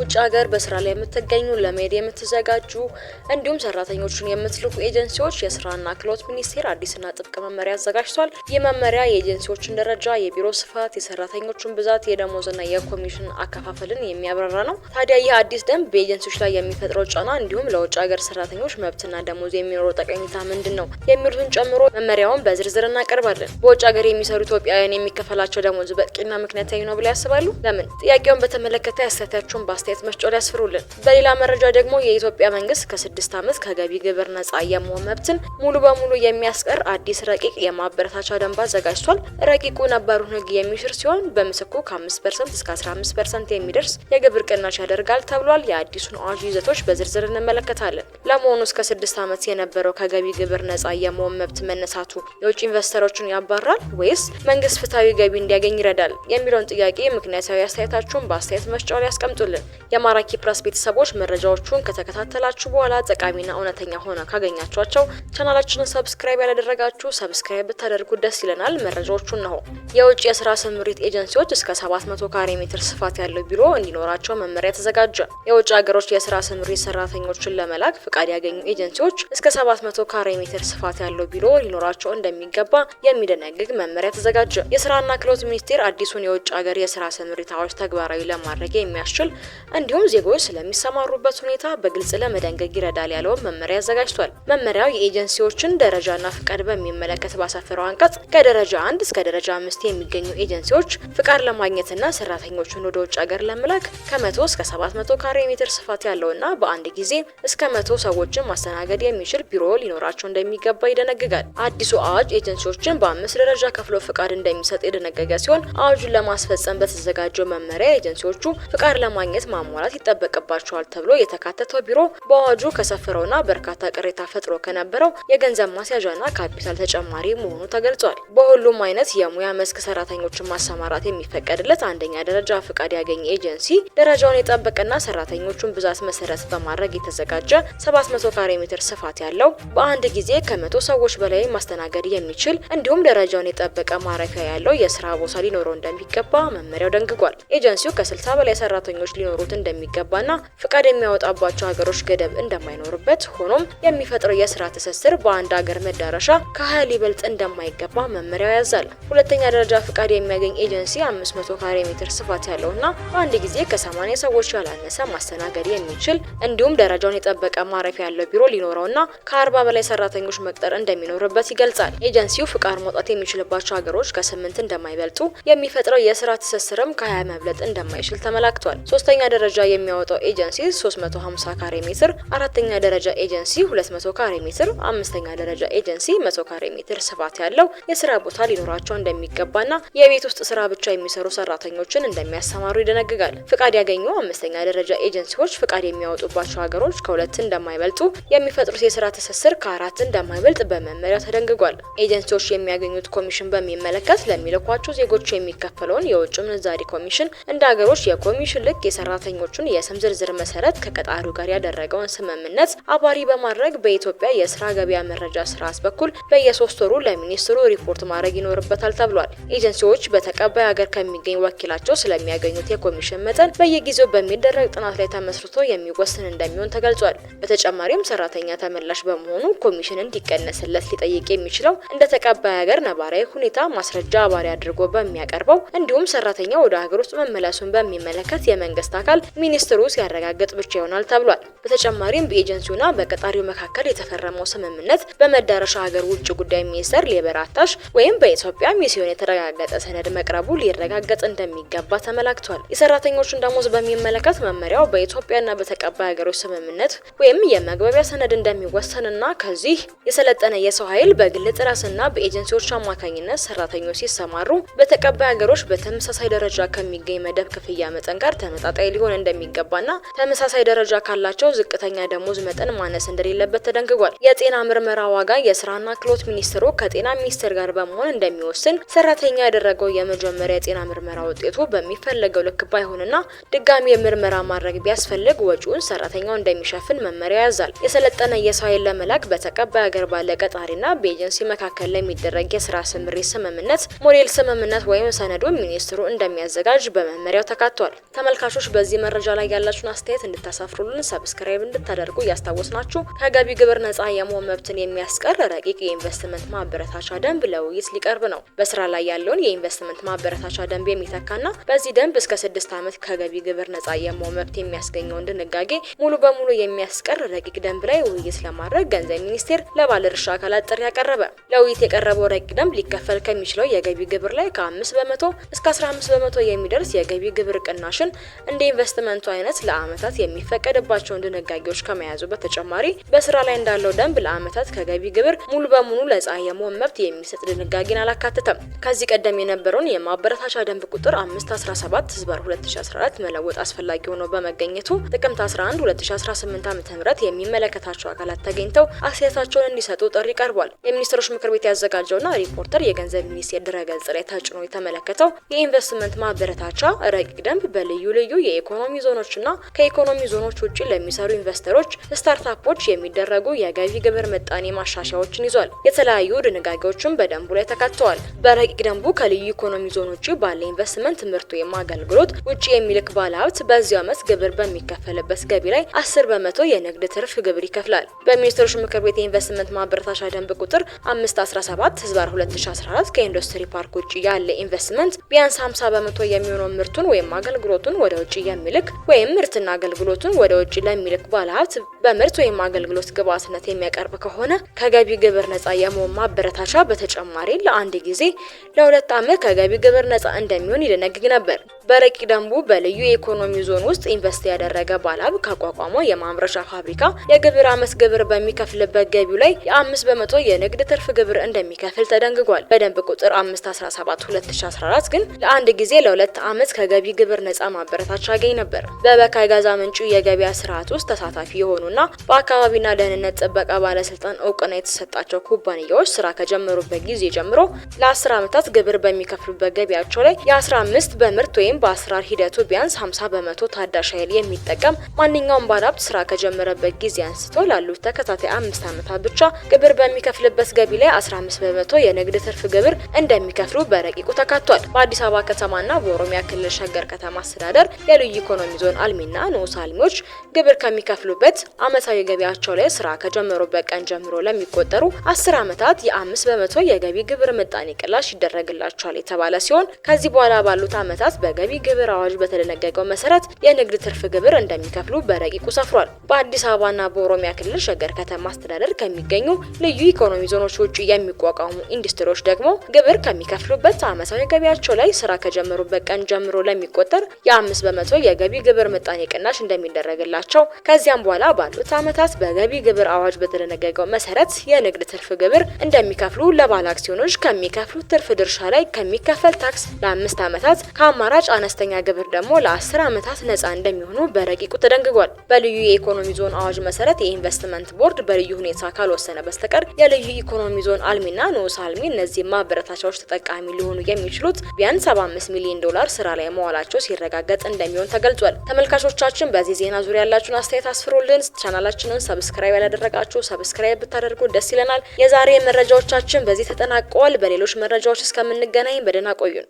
ውጭ ሀገር በስራ ላይ የምትገኙ ለመሄድ የምትዘጋጁ እንዲሁም ሰራተኞችን የምትልኩ ኤጀንሲዎች የስራና ክህሎት ሚኒስቴር አዲስና ጥብቅ መመሪያ አዘጋጅቷል። ይህ መመሪያ የኤጀንሲዎችን ደረጃ፣ የቢሮ ስፋት፣ የሰራተኞችን ብዛት፣ የደሞዝና የኮሚሽን አከፋፈልን የሚያብራራ ነው። ታዲያ ይህ አዲስ ደንብ በኤጀንሲዎች ላይ የሚፈጥረው ጫና እንዲሁም ለውጭ ሀገር ሰራተኞች መብትና ደሞዝ የሚኖረው ጠቀሜታ ምንድን ነው የሚሉትን ጨምሮ መመሪያውን በዝርዝር እናቀርባለን። በውጭ ሀገር የሚሰሩ ኢትዮጵያውያን የሚከፈላቸው ደሞዝ በቂና ምክንያታዊ ነው ብለው ያስባሉ? ለምን? ጥያቄውን በተመለከተ ያስተያየታችሁን አስተያየት መስጫው ላይ ያስፍሩልን። በሌላ መረጃ ደግሞ የኢትዮጵያ መንግስት ከስድስት ዓመት ከገቢ ግብር ነጻ የመሆን መብትን ሙሉ በሙሉ የሚያስቀር አዲስ ረቂቅ የማበረታቻ ደንብ አዘጋጅቷል። ረቂቁ ነባሩን ህግ የሚሽር ሲሆን በምስኩ ከ5 ፐርሰንት እስከ 15 ፐርሰንት የሚደርስ የግብር ቅናሽ ያደርጋል ተብሏል። የአዲሱን አዋጅ ይዘቶች በዝርዝር እንመለከታለን። ለመሆኑ እስከ ስድስት ዓመት የነበረው ከገቢ ግብር ነጻ የመሆን መብት መነሳቱ የውጭ ኢንቨስተሮችን ያባራል ወይስ መንግስት ፍትሐዊ ገቢ እንዲያገኝ ይረዳል የሚለውን ጥያቄ ምክንያታዊ አስተያየታችሁን በአስተያየት መስጫው ላይ ያስቀምጡልን። የማራኪ ፕረስ ቤተሰቦች መረጃዎቹን ከተከታተላችሁ በኋላ ጠቃሚና እውነተኛ ሆነ ካገኛችኋቸው ቻናላችንን ሰብስክራይብ ያላደረጋችሁ ሰብስክራይብ ብታደርጉ ደስ ይለናል። መረጃዎቹን ነው። የውጭ የስራ ስምሪት ኤጀንሲዎች እስከ 700 ካሬ ሜትር ስፋት ያለው ቢሮ እንዲኖራቸው መመሪያ ተዘጋጀ። የውጭ ሀገሮች የስራ ስምሪት ሰራተኞችን ለመላክ ፍቃድ ያገኙ ኤጀንሲዎች እስከ 700 ካሬ ሜትር ስፋት ያለው ቢሮ ሊኖራቸው እንደሚገባ የሚደነግግ መመሪያ ተዘጋጀ። የስራና ክህሎት ሚኒስቴር አዲሱን የውጭ ሀገር የስራ ስምሪት አዋጅ ተግባራዊ ለማድረግ የሚያስችል እንዲሁም ዜጎች ስለሚሰማሩበት ሁኔታ በግልጽ ለመደንገግ ይረዳል ያለውን መመሪያ አዘጋጅቷል። መመሪያው የኤጀንሲዎችን ደረጃና ፍቃድ በሚመለከት ባሰፈረው አንቀጽ ከደረጃ አንድ እስከ ደረጃ አምስት የሚገኙ ኤጀንሲዎች ፍቃድ ለማግኘትና ሰራተኞቹን ወደ ውጭ ሀገር ለመላክ ከመቶ እስከ ሰባት መቶ ካሬ ሜትር ስፋት ያለውና በአንድ ጊዜ እስከ መቶ ሰዎችን ማስተናገድ የሚችል ቢሮ ሊኖራቸው እንደሚገባ ይደነግጋል። አዲሱ አዋጅ ኤጀንሲዎችን በአምስት ደረጃ ከፍሎ ፍቃድ እንደሚሰጥ የደነገገ ሲሆን አዋጁን ለማስፈጸም በተዘጋጀው መመሪያ ኤጀንሲዎቹ ፍቃድ ለማግኘት ማሟላት ይጠበቅባቸዋል ተብሎ የተካተተው ቢሮ በአዋጁ ከሰፈረውና በርካታ ቅሬታ ፈጥሮ ከነበረው የገንዘብ ማስያዣና ካፒታል ተጨማሪ መሆኑ ተገልጿል። በሁሉም አይነት የሙያ መስክ ሰራተኞችን ማሰማራት የሚፈቀድለት አንደኛ ደረጃ ፍቃድ ያገኘ ኤጀንሲ ደረጃውን የጠበቀና ሰራተኞቹን ብዛት መሰረት በማድረግ የተዘጋጀ 700 ካሬ ሜትር ስፋት ያለው በአንድ ጊዜ ከመቶ ሰዎች በላይ ማስተናገድ የሚችል እንዲሁም ደረጃውን የጠበቀ ማረፊያ ያለው የስራ ቦታ ሊኖረው እንደሚገባ መመሪያው ደንግጓል። ኤጀንሲው ከ60 በላይ ሰራተኞች ሊኖሩ ሊያደርጉት እንደሚገባና ፍቃድ የሚያወጣባቸው ሀገሮች ገደብ እንደማይኖርበት፣ ሆኖም የሚፈጥረው የስራ ትስስር በአንድ ሀገር መዳረሻ ከሀያ ሊበልጥ እንደማይገባ መመሪያው ያዛል። ሁለተኛ ደረጃ ፍቃድ የሚያገኝ ኤጀንሲ 500 ካሬ ሜትር ስፋት ያለውና በአንድ ጊዜ ከ80 ሰዎች ያላነሰ ማስተናገድ የሚችል እንዲሁም ደረጃውን የጠበቀ ማረፊያ ያለው ቢሮ ሊኖረውና ከ40 በላይ ሰራተኞች መቅጠር እንደሚኖርበት ይገልጻል። ኤጀንሲው ፍቃድ መውጣት የሚችልባቸው ሀገሮች ከስምንት እንደማይበልጡ የሚፈጥረው የስራ ትስስርም ከ20 መብለጥ እንደማይችል ተመላክቷል። ሶስተኛ ደረጃ የሚያወጣው ኤጀንሲ 350 ካሬ ሜትር፣ አራተኛ ደረጃ ኤጀንሲ 200 ካሬ ሜትር፣ አምስተኛ ደረጃ ኤጀንሲ 100 ካሬ ሜትር ስፋት ያለው የስራ ቦታ ሊኖራቸው እንደሚገባና የቤት ውስጥ ስራ ብቻ የሚሰሩ ሰራተኞችን እንደሚያሰማሩ ይደነግጋል። ፍቃድ ያገኙ አምስተኛ ደረጃ ኤጀንሲዎች ፍቃድ የሚያወጡባቸው ሀገሮች ከሁለት እንደማይበልጡ፣ የሚፈጥሩት የስራ ትስስር ከአራት እንደማይበልጥ በመመሪያ ተደንግጓል። ኤጀንሲዎች የሚያገኙት ኮሚሽን በሚመለከት ለሚልኳቸው ዜጎች የሚከፈለውን የውጭ ምንዛሪ ኮሚሽን እንደ ሀገሮች የኮሚሽን ልክ የሰራ የሰራተኞቹን የስም ዝርዝር መሰረት ከቀጣሪው ጋር ያደረገውን ስምምነት አባሪ በማድረግ በኢትዮጵያ የስራ ገበያ መረጃ ስርዓት በኩል በየሶስት ወሩ ለሚኒስትሩ ሪፖርት ማድረግ ይኖርበታል ተብሏል። ኤጀንሲዎች በተቀባይ ሀገር ከሚገኝ ወኪላቸው ስለሚያገኙት የኮሚሽን መጠን በየጊዜው በሚደረግ ጥናት ላይ ተመስርቶ የሚወስን እንደሚሆን ተገልጿል። በተጨማሪም ሰራተኛ ተመላሽ በመሆኑ ኮሚሽን እንዲቀነስለት ሊጠይቅ የሚችለው እንደ ተቀባይ ሀገር ነባራዊ ሁኔታ ማስረጃ አባሪ አድርጎ በሚያቀርበው እንዲሁም ሰራተኛ ወደ ሀገር ውስጥ መመለሱን በሚመለከት የመንግስት አካል ሚኒስትሩ ሲያረጋግጥ ብቻ ይሆናል ተብሏል። በተጨማሪም በኤጀንሲውና በቀጣሪው መካከል የተፈረመው ስምምነት በመዳረሻ ሀገር ውጭ ጉዳይ ሚኒስቴር ሌበር አታሽ ወይም በኢትዮጵያ ሚስዮን የተረጋገጠ ሰነድ መቅረቡ ሊረጋገጥ እንደሚገባ ተመላክቷል። የሰራተኞቹን ደሞዝ በሚመለከት መመሪያው በኢትዮጵያና በተቀባይ ሀገሮች ስምምነት ወይም የመግባቢያ ሰነድ እንደሚወሰንና ከዚህ የሰለጠነ የሰው ኃይል በግል ጥረትና በኤጀንሲዎች አማካኝነት ሰራተኞች ሲሰማሩ በተቀባይ ሀገሮች በተመሳሳይ ደረጃ ከሚገኝ መደብ ክፍያ መጠን ጋር ተመጣጣይ ሊሆን እንደሚገባና ተመሳሳይ ደረጃ ካላቸው ዝቅተኛ ደሞዝ መጠን ማነስ እንደሌለበት ተደንግጓል። የጤና ምርመራ ዋጋ የስራና ክህሎት ሚኒስትሩ ከጤና ሚኒስቴር ጋር በመሆን እንደሚወስን፣ ሰራተኛ ያደረገው የመጀመሪያ የጤና ምርመራ ውጤቱ በሚፈለገው ልክ ባይሆንና ድጋሚ ምርመራ ማድረግ ቢያስፈልግ ወጪውን ሰራተኛው እንደሚሸፍን መመሪያ ያዛል። የሰለጠነ የሰው ኃይል ለመላክ በተቀባይ ሀገር ባለ ቀጣሪና በኤጀንሲ መካከል ለሚደረግ የስራ ስምሪት ስምምነት ሞዴል ስምምነት ወይም ሰነዱ ሚኒስትሩ እንደሚያዘጋጅ በመመሪያው ተካቷል። ተመልካቾች በዚህ መረጃ ላይ ያላችሁን አስተያየት እንድታሳፍሩልን ሰብስክራይብ እንድታደርጉ እያስታወስናችሁ ከገቢ ግብር ነጻ የመሆን መብትን የሚያስቀር ረቂቅ የኢንቨስትመንት ማበረታቻ ደንብ ለውይይት ሊቀርብ ነው። በስራ ላይ ያለውን የኢንቨስትመንት ማበረታቻ ደንብ የሚተካና በዚህ ደንብ እስከ ስድስት ዓመት ከገቢ ግብር ነጻ የመሆን መብት የሚያስገኘውን ድንጋጌ ሙሉ በሙሉ የሚያስቀር ረቂቅ ደንብ ላይ ውይይት ለማድረግ ገንዘብ ሚኒስቴር ለባለድርሻ አካላት ጥሪ ያቀረበ። ለውይይት የቀረበው ረቂቅ ደንብ ሊከፈል ከሚችለው የገቢ ግብር ላይ ከአምስት በመቶ እስከ አስራ አምስት በመቶ የሚደርስ የገቢ ግብር ቅናሽን እንደ የኢንቨስትመንቱ አይነት ለአመታት የሚፈቀድባቸውን ድንጋጌዎች ከመያዙ በተጨማሪ በስራ ላይ እንዳለው ደንብ ለአመታት ከገቢ ግብር ሙሉ በሙሉ ነጻ የመሆን መብት የሚሰጥ ድንጋጌን አላካተተም። ከዚህ ቀደም የነበረውን የማበረታቻ ደንብ ቁጥር 517 ህዝባር 2014 መለወጥ አስፈላጊ ሆኖ በመገኘቱ ጥቅምት 11 2018 ዓ.ም የሚመለከታቸው አካላት ተገኝተው አስተያየታቸውን እንዲሰጡ ጥሪ ቀርቧል። የሚኒስትሮች ምክር ቤት ያዘጋጀውና ሪፖርተር የገንዘብ ሚኒስቴር ድረገጽ ላይ ተጭኖ የተመለከተው የኢንቨስትመንት ማበረታቻ ረቂቅ ደንብ በልዩ ልዩ ኢኮኖሚ ዞኖች እና ከኢኮኖሚ ዞኖች ውጭ ለሚሰሩ ኢንቨስተሮች፣ ስታርታፖች የሚደረጉ የገቢ ግብር ምጣኔ ማሻሻያዎችን ይዟል። የተለያዩ ድንጋጌዎችም በደንቡ ላይ ተካተዋል። በረቂቅ ደንቡ ከልዩ ኢኮኖሚ ዞን ውጭ ባለ ኢንቨስትመንት ምርት ወይም አገልግሎት ውጭ የሚልክ ባለሀብት በዚሁ ዓመት ግብር በሚከፈልበት ገቢ ላይ አስር በመቶ የንግድ ትርፍ ግብር ይከፍላል። በሚኒስትሮች ምክር ቤት የኢንቨስትመንት ማበረታቻ ደንብ ቁጥር 517 ህዝባር 2014 ከኢንዱስትሪ ፓርክ ውጭ ያለ ኢንቨስትመንት ቢያንስ 50 በመቶ የሚሆነው ምርቱን ወይም አገልግሎቱን ወደ ውጭ ለሚልክ ወይም ምርትና አገልግሎቱን ወደ ውጭ ለሚልክ ባለሀብት በምርት ወይም አገልግሎት ግብዓትነት የሚያቀርብ ከሆነ ከገቢ ግብር ነጻ የመሆን ማበረታቻ በተጨማሪ ለአንድ ጊዜ ለሁለት ዓመት ከገቢ ግብር ነጻ እንደሚሆን ይደነግግ ነበር። በረቂቅ ደንቡ በልዩ የኢኮኖሚ ዞን ውስጥ ኢንቨስት ያደረገ ባለሀብት ካቋቋመው የማምረቻ ፋብሪካ የግብር ዓመት ግብር በሚከፍልበት ገቢው ላይ የአምስት በመቶ የንግድ ትርፍ ግብር እንደሚከፍል ተደንግጓል። በደንብ ቁጥር 517 2014 ግን ለአንድ ጊዜ ለሁለት ዓመት ከገቢ ግብር ነጻ ማበረታቻ ይገኝ ነበር። በበካይ ጋዛ ምንጩ የገበያ ስርዓት ውስጥ ተሳታፊ የሆኑና በአካባቢና ደህንነት ጥበቃ ባለስልጣን እውቅና የተሰጣቸው ኩባንያዎች ስራ ከጀመሩበት ጊዜ ጀምሮ ለ10 ዓመታት ግብር በሚከፍሉበት ገቢያቸው ላይ የ15 በምርት ወይም በአስራር ሂደቱ ቢያንስ 50 በመቶ ታዳሽ ኃይል የሚጠቀም ማንኛውም ባለሀብት ስራ ከጀመረበት ጊዜ አንስቶ ላሉት ተከታታይ አምስት ዓመታት ብቻ ግብር በሚከፍልበት ገቢ ላይ 15 በመቶ የንግድ ትርፍ ግብር እንደሚከፍሉ በረቂቁ ተካቷል። በአዲስ አበባ ከተማና በኦሮሚያ ክልል ሸገር ከተማ አስተዳደር የልዩ የኢኮኖሚ ዞን አልሚና ንዑስ አልሚዎች ግብር ከሚከፍሉበት አመታዊ ገቢያቸው ላይ ስራ ከጀመሩበት ቀን ጀምሮ ለሚቆጠሩ አስር አመታት የአምስት በመቶ የገቢ ግብር ምጣኔ ቅላሽ ይደረግላቸዋል የተባለ ሲሆን ከዚህ በኋላ ባሉት አመታት በገቢ ግብር አዋጅ በተደነገገው መሰረት የንግድ ትርፍ ግብር እንደሚከፍሉ በረቂቁ ሰፍሯል። በአዲስ አበባና በኦሮሚያ ክልል ሸገር ከተማ አስተዳደር ከሚገኙ ልዩ ኢኮኖሚ ዞኖች ውጭ የሚቋቋሙ ኢንዱስትሪዎች ደግሞ ግብር ከሚከፍሉበት አመታዊ ገቢያቸው ላይ ስራ ከጀመሩበት ቀን ጀምሮ ለሚቆጠር የአምስት በመቶ የገቢ ግብር ምጣኔ ቅናሽ እንደሚደረግላቸው ከዚያም በኋላ ባሉት ዓመታት በገቢ ግብር አዋጅ በተደነገገው መሰረት የንግድ ትርፍ ግብር እንደሚከፍሉ ለባለ አክሲዮኖች ከሚከፍሉት ትርፍ ድርሻ ላይ ከሚከፈል ታክስ ለአምስት ዓመታት ከአማራጭ አነስተኛ ግብር ደግሞ ለአስር ዓመታት ነጻ እንደሚሆኑ በረቂቁ ተደንግጓል። በልዩ የኢኮኖሚ ዞን አዋጅ መሰረት የኢንቨስትመንት ቦርድ በልዩ ሁኔታ ካልወሰነ በስተቀር የልዩ ኢኮኖሚ ዞን አልሚና ንዑስ አልሚ እነዚህ ማበረታቻዎች ተጠቃሚ ሊሆኑ የሚችሉት ቢያንስ 75 ሚሊዮን ዶላር ስራ ላይ መዋላቸው ሲረጋገጥ እንደሚሆን መሆኑን ተገልጿል። ተመልካቾቻችን በዚህ ዜና ዙሪያ ያላችሁን አስተያየት አስፍሩልን። ቻናላችንን ሰብስክራይብ ያላደረጋችሁ ሰብስክራይብ ብታደርጉ ደስ ይለናል። የዛሬ መረጃዎቻችን በዚህ ተጠናቀዋል። በሌሎች መረጃዎች እስከምንገናኝ በደህና ቆዩን።